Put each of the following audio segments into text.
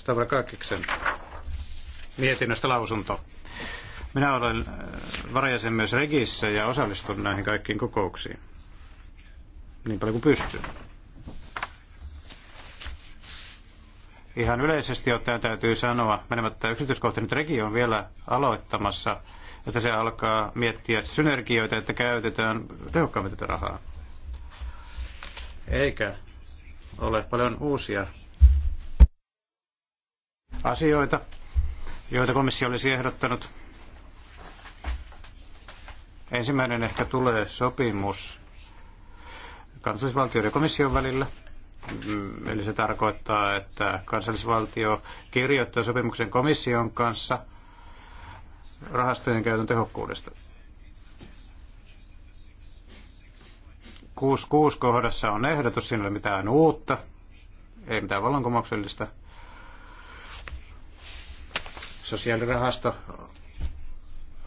Stavrakakiksen mietinnöstä lausunto. Minä olen äh, varajäsen myös Regissä ja osallistun näihin kaikkiin kokouksiin. Niin paljon kuin pystyn. Ihan yleisesti ottaen täytyy sanoa, menemättä yksityiskohtainen. nyt regio on vielä aloittamassa, että se alkaa miettiä synergioita, että käytetään tehokkaammin tätä rahaa. Eikä ole paljon uusia asioita, joita komissio olisi ehdottanut. Ensimmäinen, ehkä tulee sopimus kansallisvaltioiden komission välillä. Mm, eli se tarkoittaa, että kansallisvaltio kirjoittaa sopimuksen komission kanssa rahastojen käytön tehokkuudesta. 6.6 kohdassa on ehdotus, siinä ei ole mitään uutta, ei mitään vallankumouksellista sosiaalirahasto.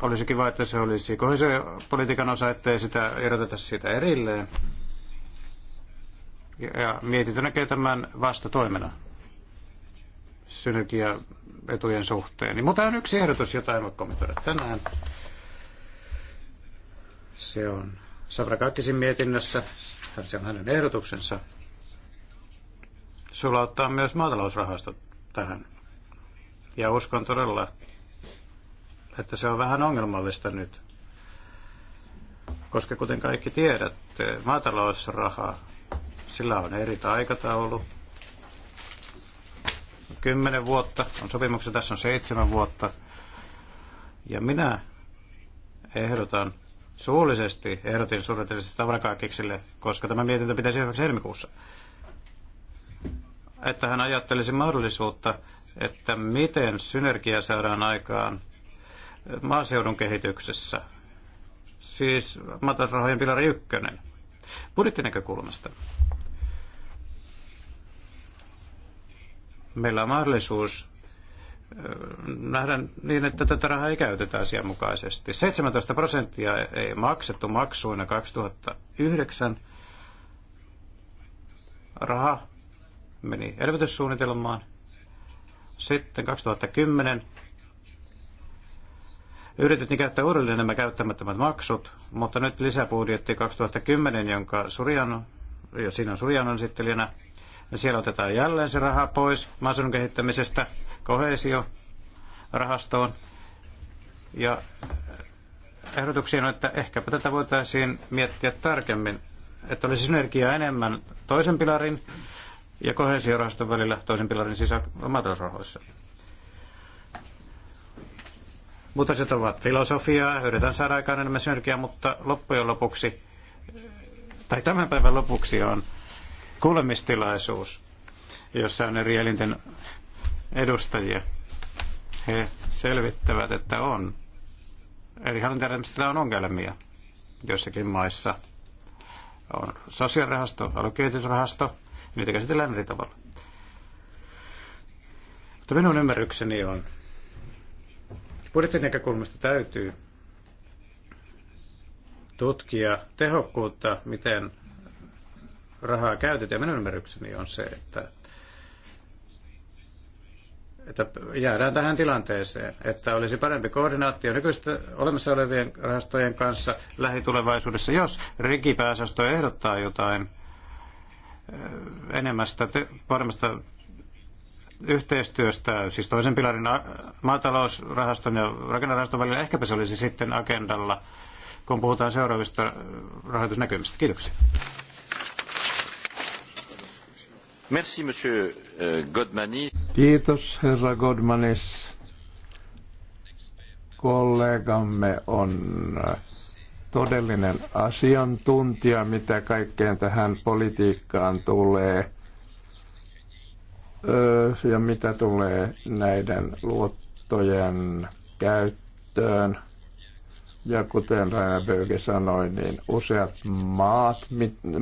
Olisi kiva, että se olisi se politiikan osa, ettei sitä eroteta siitä erilleen. Ja mietintö näkee tämän vastatoimena synergiaetujen suhteen. Niin, mutta on yksi ehdotus, jota en voi kommentoida tänään. Se on Kaikkisin mietinnössä, se on hänen ehdotuksensa, sulauttaa myös maatalousrahasto tähän. Ja uskon todella, että se on vähän ongelmallista nyt. Koska kuten kaikki tiedätte, maatalousraha, sillä on eri aikataulu. Kymmenen vuotta on sopimuksen, tässä on seitsemän vuotta. Ja minä ehdotan, suullisesti ehdotin suunnitelmista tavarakaakiksille, koska tämä mietintö pitäisi hyväksi helmikuussa, että hän ajattelisi mahdollisuutta että miten synergia saadaan aikaan maaseudun kehityksessä, siis matasrahojen pilari ykkönen, budjettinäkökulmasta. Meillä on mahdollisuus nähdä niin, että tätä rahaa ei käytetä asianmukaisesti. 17 prosenttia ei maksettu maksuina 2009. Raha meni elvytyssuunnitelmaan – sitten 2010 yritettiin käyttää uudelleen nämä käyttämättömät maksut, mutta nyt lisäbudjetti 2010, jonka Surjano, ja siinä on Surjanon esittelijänä, ja siellä otetaan jälleen se raha pois maaseudun kehittämisestä kohesio rahastoon. Ja ehdotuksia on, että ehkäpä tätä voitaisiin miettiä tarkemmin, että olisi synergiaa enemmän toisen pilarin ja kohesiorahaston välillä toisen pilarin sisämaatalousrahoissa. Muutokset ovat filosofiaa, yritetään saada aikaan enemmän synergiaa, mutta loppujen lopuksi, tai tämän päivän lopuksi on kuulemistilaisuus, jossa on eri elinten edustajia. He selvittävät, että on. Eri hallintajärjestelmillä on ongelmia joissakin maissa. On sosiaalirahasto, alukehitysrahasto, niitä käsitellään eri tavalla. Mutta minun ymmärrykseni on, budjetin näkökulmasta täytyy tutkia tehokkuutta, miten rahaa käytetään. Minun ymmärrykseni on se, että, että jäädään tähän tilanteeseen, että olisi parempi koordinaatio nykyistä olemassa olevien rahastojen kanssa lähitulevaisuudessa, jos rikipääosasto ehdottaa jotain – enemmästä, paremmasta yhteistyöstä, siis toisen pilarin maatalousrahaston ja rakennerahaston välillä, ehkäpä se olisi sitten agendalla, kun puhutaan seuraavista rahoitusnäkymistä. Kiitoksia. Merci, monsieur euh, Godmani. Kiitos, herra Godmanis. Kollegamme on äh, todellinen asiantuntija, mitä kaikkeen tähän politiikkaan tulee ja mitä tulee näiden luottojen käyttöön. Ja kuten Raina Böge sanoi, niin useat maat,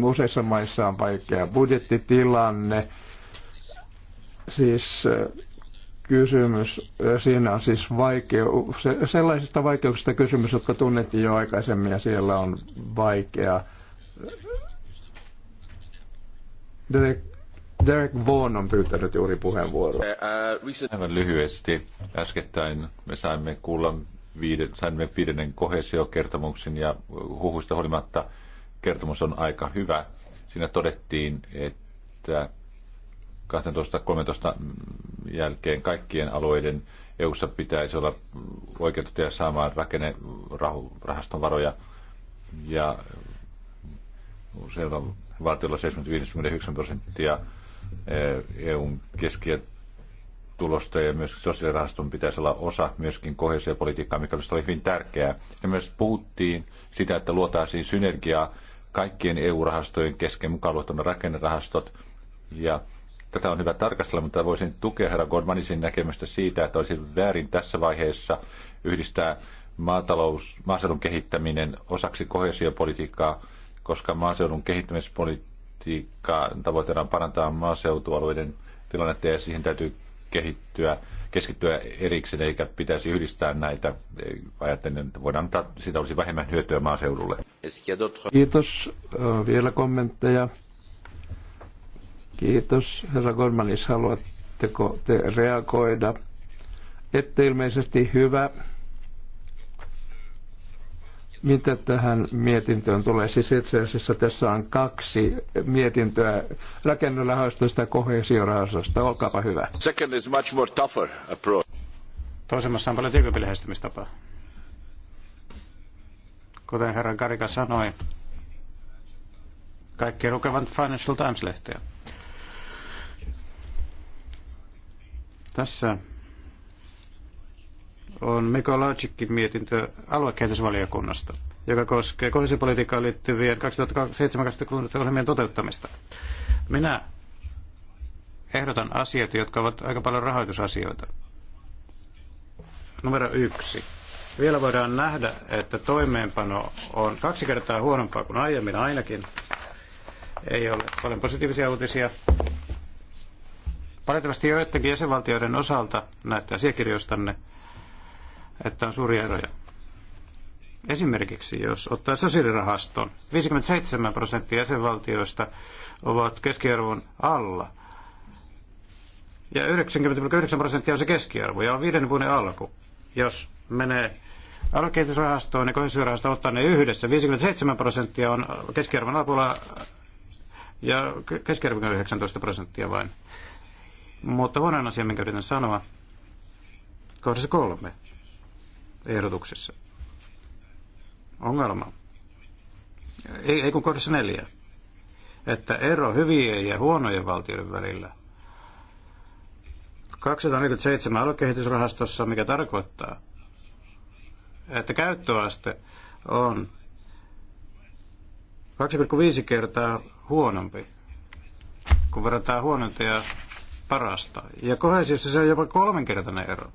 useissa maissa on vaikea budjettitilanne. Siis kysymys. Siinä on siis vaikeu, sellaisista vaikeuksista kysymys, jotka tunnettiin jo aikaisemmin ja siellä on vaikea. Derek, Derek Vaughan on pyytänyt juuri puheenvuoroa. Eh, eh, Aivan lyhyesti. Äskettäin me saimme kuulla viiden, saimme viidennen kohesiokertomuksen ja huhuista huolimatta kertomus on aika hyvä. Siinä todettiin, että 12.13 jälkeen kaikkien alueiden EU-ssa pitäisi olla oikeutettuja saamaan rakennerahaston varoja ja on valtiolla 79 prosenttia EUn eh, e keskiä tulosta ja myös sosiaalirahaston pitäisi olla osa myöskin kohesiopolitiikkaa, mikä oli hyvin tärkeää. Ja myös puhuttiin sitä, että luotaisiin synergiaa kaikkien EU-rahastojen kesken mukaan luettuna rakennerahastot ja Tätä on hyvä tarkastella, mutta voisin tukea herra Godmanisin näkemystä siitä, että olisi väärin tässä vaiheessa yhdistää maatalous, maaseudun kehittäminen osaksi kohesiopolitiikkaa, koska maaseudun kehittämispolitiikkaa tavoitteena on parantaa maaseutualueiden tilannetta ja siihen täytyy kehittyä, keskittyä erikseen eikä pitäisi yhdistää näitä. Ajattelen, että voidaan antaa, siitä olisi vähemmän hyötyä maaseudulle. Kiitos. Vielä kommentteja. Kiitos. Herra Gormanis, haluatteko te reagoida? Ette ilmeisesti hyvä. Mitä tähän mietintöön tulee? Siis itse asiassa tässä on kaksi mietintöä rakennerahastosta ja kohesiorahastosta. Olkaapa hyvä. Second is much more tougher approach. Toisemmassa on paljon tiukempi lähestymistapa. Kuten herra Karika sanoi, kaikki lukevat Financial Times-lehteä. Tässä on Mikko Lajikin mietintö aluekehitysvaliokunnasta, joka koskee kohdallisuuspolitiikkaan liittyvien 2007-2013 ohjelmien toteuttamista. Minä ehdotan asioita, jotka ovat aika paljon rahoitusasioita. Numero yksi. Vielä voidaan nähdä, että toimeenpano on kaksi kertaa huonompaa kuin aiemmin ainakin. Ei ole paljon positiivisia uutisia. Valitettavasti joidenkin jäsenvaltioiden osalta näyttää asiakirjoistanne, että on suuria eroja. Esimerkiksi jos ottaa sosiaalirahaston, 57 prosenttia jäsenvaltioista ovat keskiarvon alla. Ja 99 prosenttia on se keskiarvo, ja on viiden vuoden alku. Jos menee aluekehitysrahastoon ja niin kohdistusrahastoon ottaa ne yhdessä, 57 prosenttia on keskiarvon alapuolella ja keskiarvo 19 prosenttia vain. Mutta huonoin asia, minkä yritän sanoa, kohdassa kolme ehdotuksessa. Ongelma. Ei, ei kun kohdassa neljä. Että ero hyvien ja huonojen valtioiden välillä. 247 aluekehitysrahastossa, mikä tarkoittaa, että käyttöaste on 2,5 kertaa huonompi, kun verrataan huonointa ja parasta. Ja kohesiossa se on jopa kolmenkertainen ero.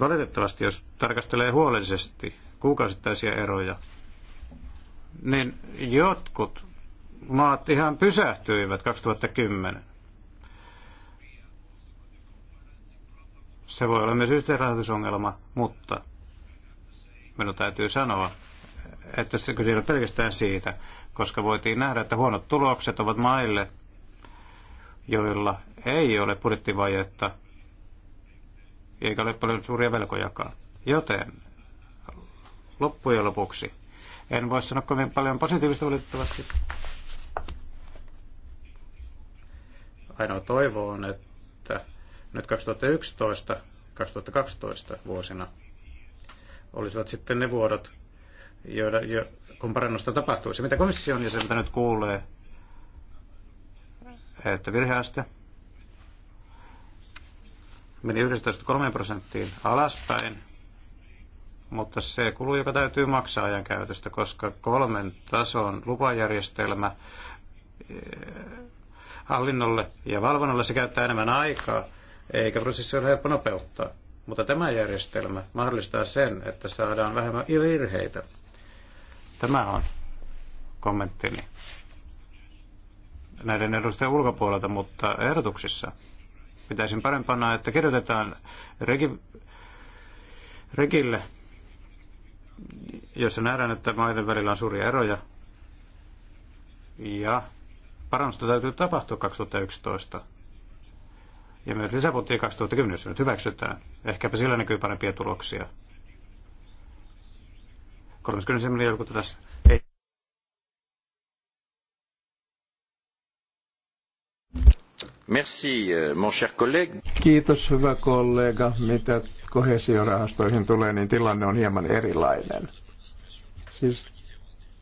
Valitettavasti, jos tarkastelee huolellisesti kuukausittaisia eroja, niin jotkut maat ihan pysähtyivät 2010. Se voi olla myös yhteenrahoitusongelma, mutta minun täytyy sanoa, että se kyse pelkästään siitä, koska voitiin nähdä, että huonot tulokset ovat maille, joilla ei ole budjettivajetta eikä ole paljon suuria velkojakaan. Joten loppujen lopuksi en voi sanoa kovin paljon positiivista valitettavasti. Ainoa toivo on, että nyt 2011 2012 vuosina olisivat sitten ne vuodot, joiden, jo, kun parannusta tapahtuisi. Mitä komission jäsentä nyt kuulee että virheaste meni 11,3 prosenttiin alaspäin, mutta se kulu, joka täytyy maksaa ajan käytöstä, koska kolmen tason lupajärjestelmä eh, hallinnolle ja valvonnalle se käyttää enemmän aikaa, eikä prosessi ole helppo nopeuttaa. Mutta tämä järjestelmä mahdollistaa sen, että saadaan vähemmän virheitä. Tämä on kommenttini näiden edustajien ulkopuolelta, mutta ehdotuksissa pitäisin parempana, että kirjoitetaan regi, regille, jossa nähdään, että maiden välillä on suuria eroja. Ja parannusta täytyy tapahtua 2011. Ja myös lisäbudjetti 2010, jos nyt hyväksytään. Ehkäpä sillä näkyy parempia tuloksia. 30. miljoonaa tästä. Merci, euh, mon cher collègue. Kiitos, hyvä kollega. Mitä kohesiorahastoihin tulee, niin tilanne on hieman erilainen. Siis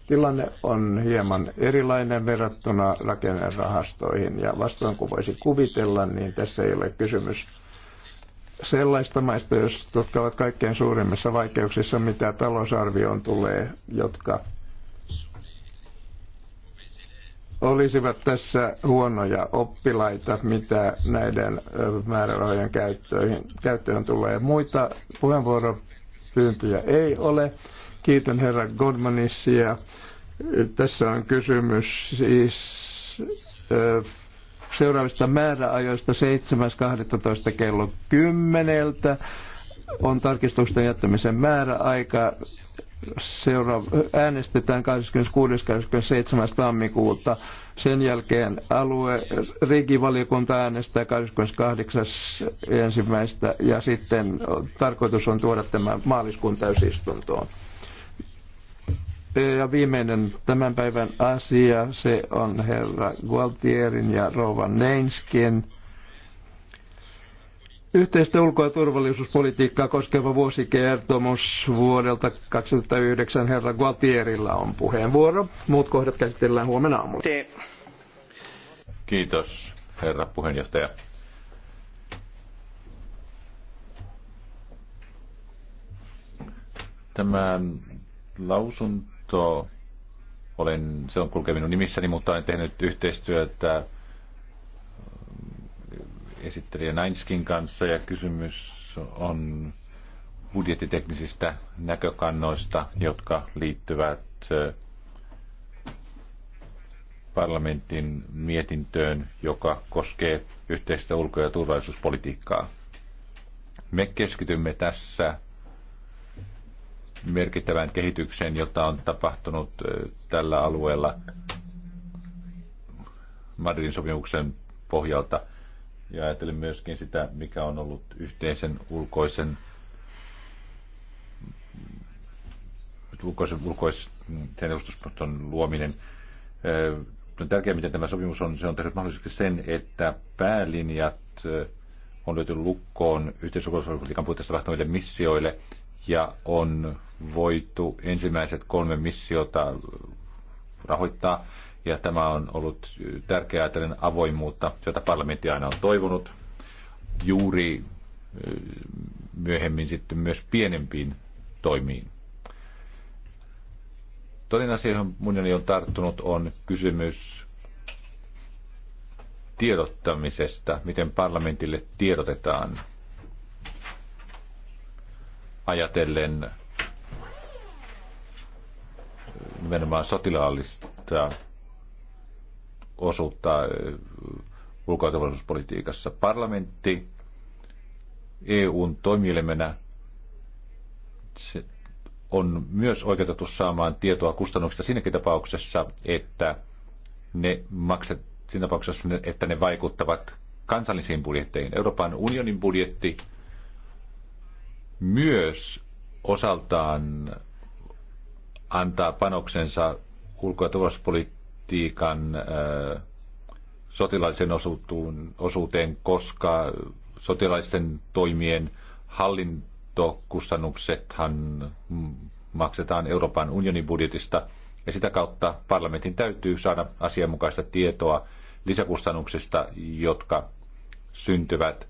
tilanne on hieman erilainen verrattuna rakennerahastoihin ja vastoin kuin voisi kuvitella, niin tässä ei ole kysymys sellaista maista, jotka ovat kaikkein suurimmissa vaikeuksissa, mitä talousarvioon tulee, jotka olisivat tässä huonoja oppilaita, mitä näiden määrärahojen käyttöön, käyttöön tulee. Muita puheenvuoropyyntöjä ei ole. Kiitän herra Godmanissia. Tässä on kysymys siis seuraavista määräajoista 7.12. kello 10 on tarkistusten jättämisen määräaika seuraava, äänestetään 26.–27. tammikuuta. Sen jälkeen alue, riikivaliokunta äänestää 28.1. ensimmäistä ja sitten tarkoitus on tuoda tämä maaliskuun täysistuntoon. Ja viimeinen tämän päivän asia, se on herra Gualtierin ja Rovan Neinskin Yhteistä ulko- ja turvallisuuspolitiikkaa koskeva vuosikertomus vuodelta 2009 herra Gualtierilla on puheenvuoro. Muut kohdat käsitellään huomenna aamulla. Kiitos, herra puheenjohtaja. Tämä lausunto, olen, se on kulkeminut nimissäni, mutta olen tehnyt yhteistyötä esittelijä Nainskin kanssa ja kysymys on budjettiteknisistä näkökannoista, jotka liittyvät parlamentin mietintöön, joka koskee yhteistä ulko- ja turvallisuuspolitiikkaa. Me keskitymme tässä merkittävään kehitykseen, jota on tapahtunut tällä alueella Madridin sopimuksen pohjalta – ja ajatellen myöskin sitä, mikä on ollut yhteisen ulkoisen ulkoisen, ulkoisen edustusputon luominen. On tärkeää, miten tämä sopimus on, se on tehnyt mahdollisesti sen, että päälinjat on löytynyt lukkoon yhteisökulttuuripolitiikan puitteissa tapahtuville missioille ja on voitu ensimmäiset kolme missiota rahoittaa ja tämä on ollut tärkeää tällainen avoimuutta, jota parlamentti aina on toivonut. Juuri myöhemmin sitten myös pienempiin toimiin. Toinen asia, johon minun on tarttunut, on kysymys tiedottamisesta, miten parlamentille tiedotetaan ajatellen nimenomaan sotilaallista osuutta äh, ulko- ja Parlamentti EUn toimielimenä on myös oikeutettu saamaan tietoa kustannuksista siinäkin tapauksessa, että ne makset, siinä tapauksessa, että ne vaikuttavat kansallisiin budjetteihin. Euroopan unionin budjetti myös osaltaan antaa panoksensa ulko- ja turvallisuuspolitiikkaan politiikan äh, sotilaisen osuuteen, koska sotilaisten toimien hallintokustannuksethan maksetaan Euroopan unionin budjetista, ja sitä kautta parlamentin täytyy saada asianmukaista tietoa lisäkustannuksista, jotka syntyvät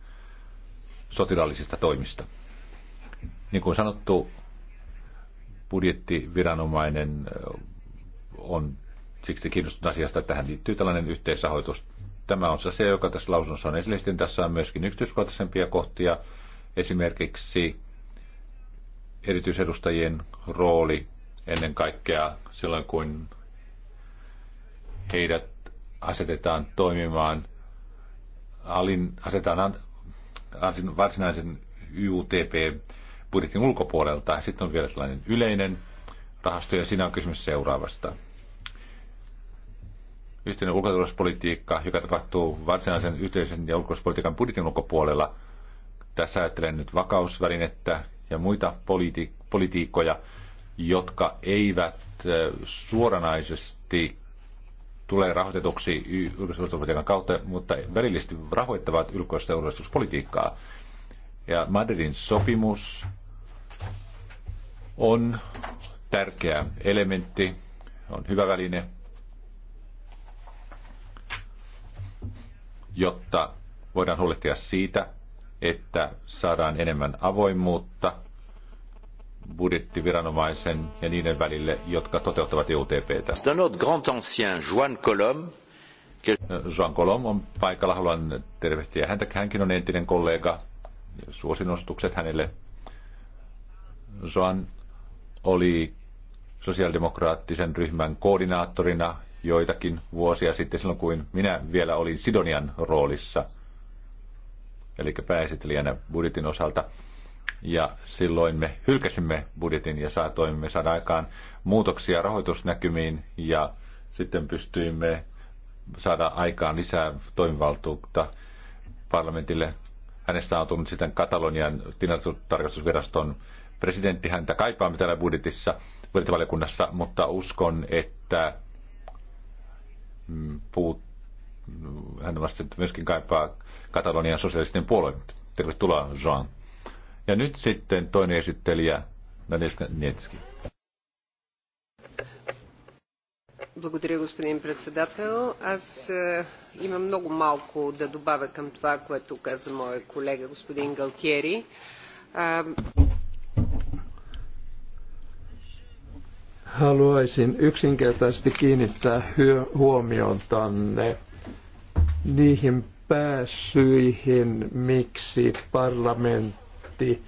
sotilaallisista toimista. Niin kuin sanottu, budjettiviranomainen äh, on siksi kiinnostunut asiasta, että tähän liittyy tällainen yhteisrahoitus. Tämä on se asia, joka tässä lausunnossa on esille. Sitten tässä on myöskin yksityiskohtaisempia kohtia, esimerkiksi erityisedustajien rooli ennen kaikkea silloin, kun heidät asetetaan toimimaan – alin, asetetaan varsinaisen utp budjetin ulkopuolelta. Sitten on vielä tällainen yleinen rahasto, ja siinä on kysymys seuraavasta yhteinen ulkoturvallisuuspolitiikka, joka tapahtuu varsinaisen yhteisen ja ulkoturvallisuuspolitiikan budjetin ulkopuolella. Tässä ajattelen nyt vakausvälinettä ja muita politi- politiikkoja, jotka eivät suoranaisesti tule rahoitetuksi ulkoturvallisuuspolitiikan kautta, mutta välillisesti rahoittavat ulkoturvallisuuspolitiikkaa. Ja Madridin sopimus on tärkeä elementti, on hyvä väline jotta voidaan huolehtia siitä, että saadaan enemmän avoimuutta budjettiviranomaisen ja niiden välille, jotka toteuttavat EUTPtä. Joan Colom. Äh, Jean Colom on paikalla, haluan tervehtiä häntä. Hänkin on entinen kollega, suosinostukset hänelle. Jean oli sosiaalidemokraattisen ryhmän koordinaattorina joitakin vuosia sitten, silloin kuin minä vielä olin Sidonian roolissa, eli pääesittelijänä budjetin osalta. Ja silloin me hylkäsimme budjetin ja saatoimme saada aikaan muutoksia rahoitusnäkymiin ja sitten pystyimme saada aikaan lisää toimivaltuutta parlamentille. Hänestä on tullut sitten Katalonian tilastotarkastusviraston presidentti. Häntä kaipaamme täällä budjetissa, budjettivaliokunnassa, mutta uskon, että puut, hän vasta että myöskin kaipaa Katalonian sosialistinen puolueen. Tervetuloa, Jean. Ja nyt sitten toinen esittelijä, Nadeska Nietski. Благодаря, господин председател. Аз е, имам много малко да добавя към това, което каза моят колега господин Галтиери. Haluaisin yksinkertaisesti kiinnittää huomion tänne niihin pääsyihin, miksi parlamentti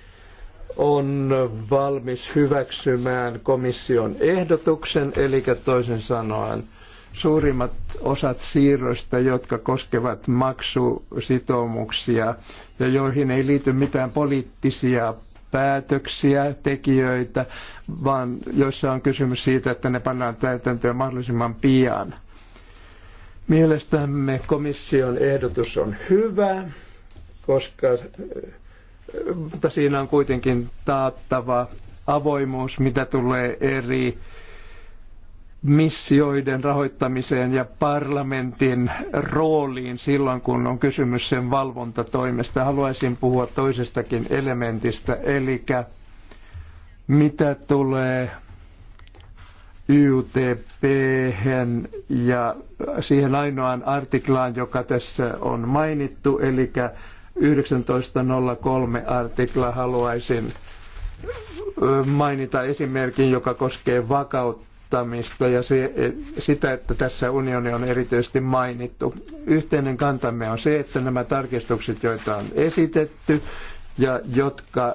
on valmis hyväksymään komission ehdotuksen, eli toisin sanoen suurimmat osat siirroista, jotka koskevat maksusitoumuksia ja joihin ei liity mitään poliittisia päätöksiä, tekijöitä, vaan joissa on kysymys siitä, että ne pannaan täytäntöön mahdollisimman pian. Mielestämme komission ehdotus on hyvä, koska eh, mutta siinä on kuitenkin taattava avoimuus, mitä tulee eri missioiden rahoittamiseen ja parlamentin rooliin silloin, kun on kysymys sen valvontatoimesta. Haluaisin puhua toisestakin elementistä, eli mitä tulee YUTP ja siihen ainoaan artiklaan, joka tässä on mainittu, eli 1903 artikla haluaisin mainita esimerkin, joka koskee vakautta johtamista ja se, e, sitä, että tässä unioni on erityisesti mainittu. Yhteinen kantamme on se, että nämä tarkistukset, joita on esitetty ja jotka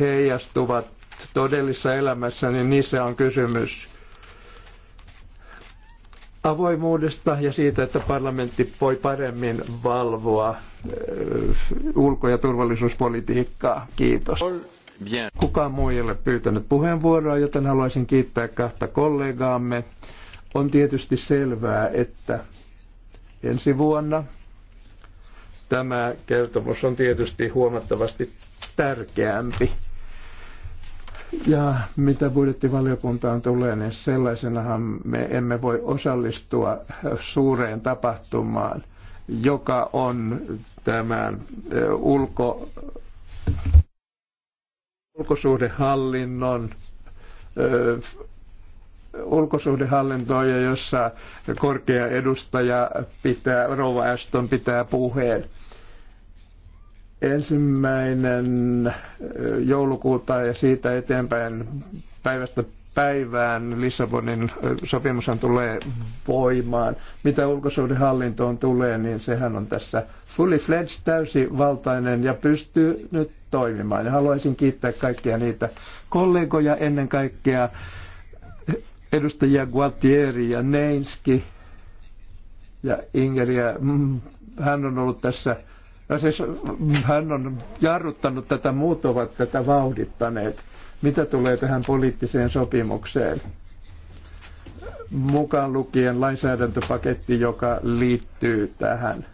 heijastuvat todellisessa elämässä, niin niissä on kysymys avoimuudesta ja siitä, että parlamentti voi paremmin valvoa e, ulko- ja turvallisuuspolitiikkaa. Kiitos. Kukaan muu ei ole pyytänyt puheenvuoroa, joten haluaisin kiittää kahta kollegaamme. On tietysti selvää, että ensi vuonna tämä kertomus on tietysti huomattavasti tärkeämpi. Ja mitä budjettivaliokuntaan tulee, niin sellaisenahan me emme voi osallistua suureen tapahtumaan, joka on tämän ulko ulkosuhdehallinnon ulkosuhdehallintoja, jossa korkea edustaja pitää, Rova Aston pitää puheen. Ensimmäinen joulukuuta ja siitä eteenpäin päivästä päivään Lissabonin sopimushan tulee voimaan. Mitä ulkosuhdehallintoon tulee, niin sehän on tässä fully fledged, täysivaltainen ja pystyy nyt toimimaan. Ja haluaisin kiittää kaikkia niitä kollegoja ennen kaikkea edustajia Gualtieri ja Neinski ja Ingeriä. Mm, hän on ollut tässä No siis mm, hän on jarruttanut tätä, muut ovat tätä vauhdittaneet mitä tulee tähän poliittiseen sopimukseen? Mukaan lukien lainsäädäntöpaketti, joka liittyy tähän.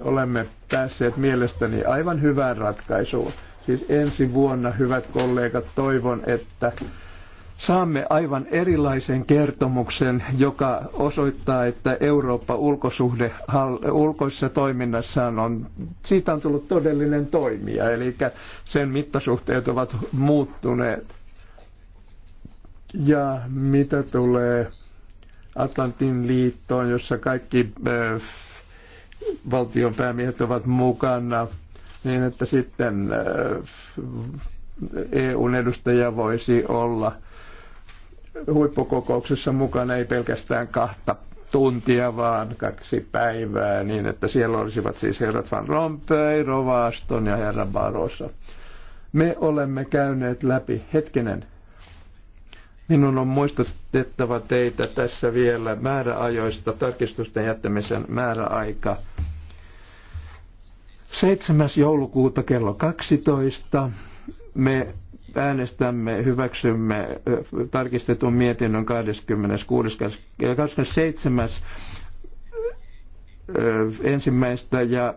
Olemme päässeet mielestäni aivan hyvään ratkaisuun. Siis ensi vuonna, hyvät kollegat, toivon, että saamme aivan erilaisen kertomuksen, joka osoittaa, että Eurooppa ulkosuhde, ulkoisessa toiminnassaan on, siitä on tullut todellinen toimija, eli sen mittasuhteet ovat muuttuneet. Ja mitä tulee Atlantin liittoon, jossa kaikki äh, valtionpäämiehet ovat mukana, niin että sitten äh, EUn edustaja voisi olla – huippukokouksessa mukana ei pelkästään kahta tuntia, vaan kaksi päivää, niin että siellä olisivat siis herrat Van Rompuy, Rovaston ja herra Barossa. Me olemme käyneet läpi, hetkinen, minun on muistutettava teitä tässä vielä määräajoista, tarkistusten jättämisen määräaika 7. joulukuuta kello 12. Me äänestämme, hyväksymme tarkistetun mietinnön 26. 27. ensimmäistä ja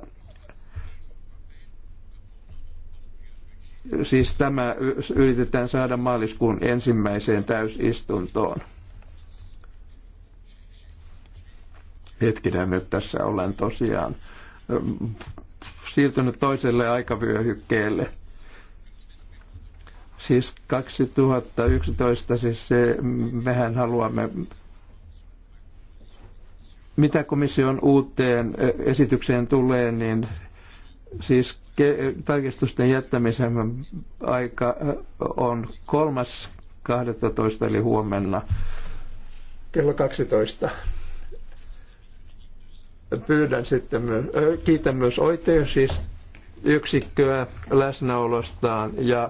siis tämä yritetään saada maaliskuun ensimmäiseen täysistuntoon. Hetkinen, nyt tässä olen tosiaan siirtynyt toiselle aikavyöhykkeelle siis 2011, siis se, mehän haluamme mitä komission uuteen esitykseen tulee, niin siis tarkistusten jättämisen aika on 3.12. eli huomenna kello 12. Pyydän sitten myös, kiitän myös oikeus yksikköä läsnäolostaan ja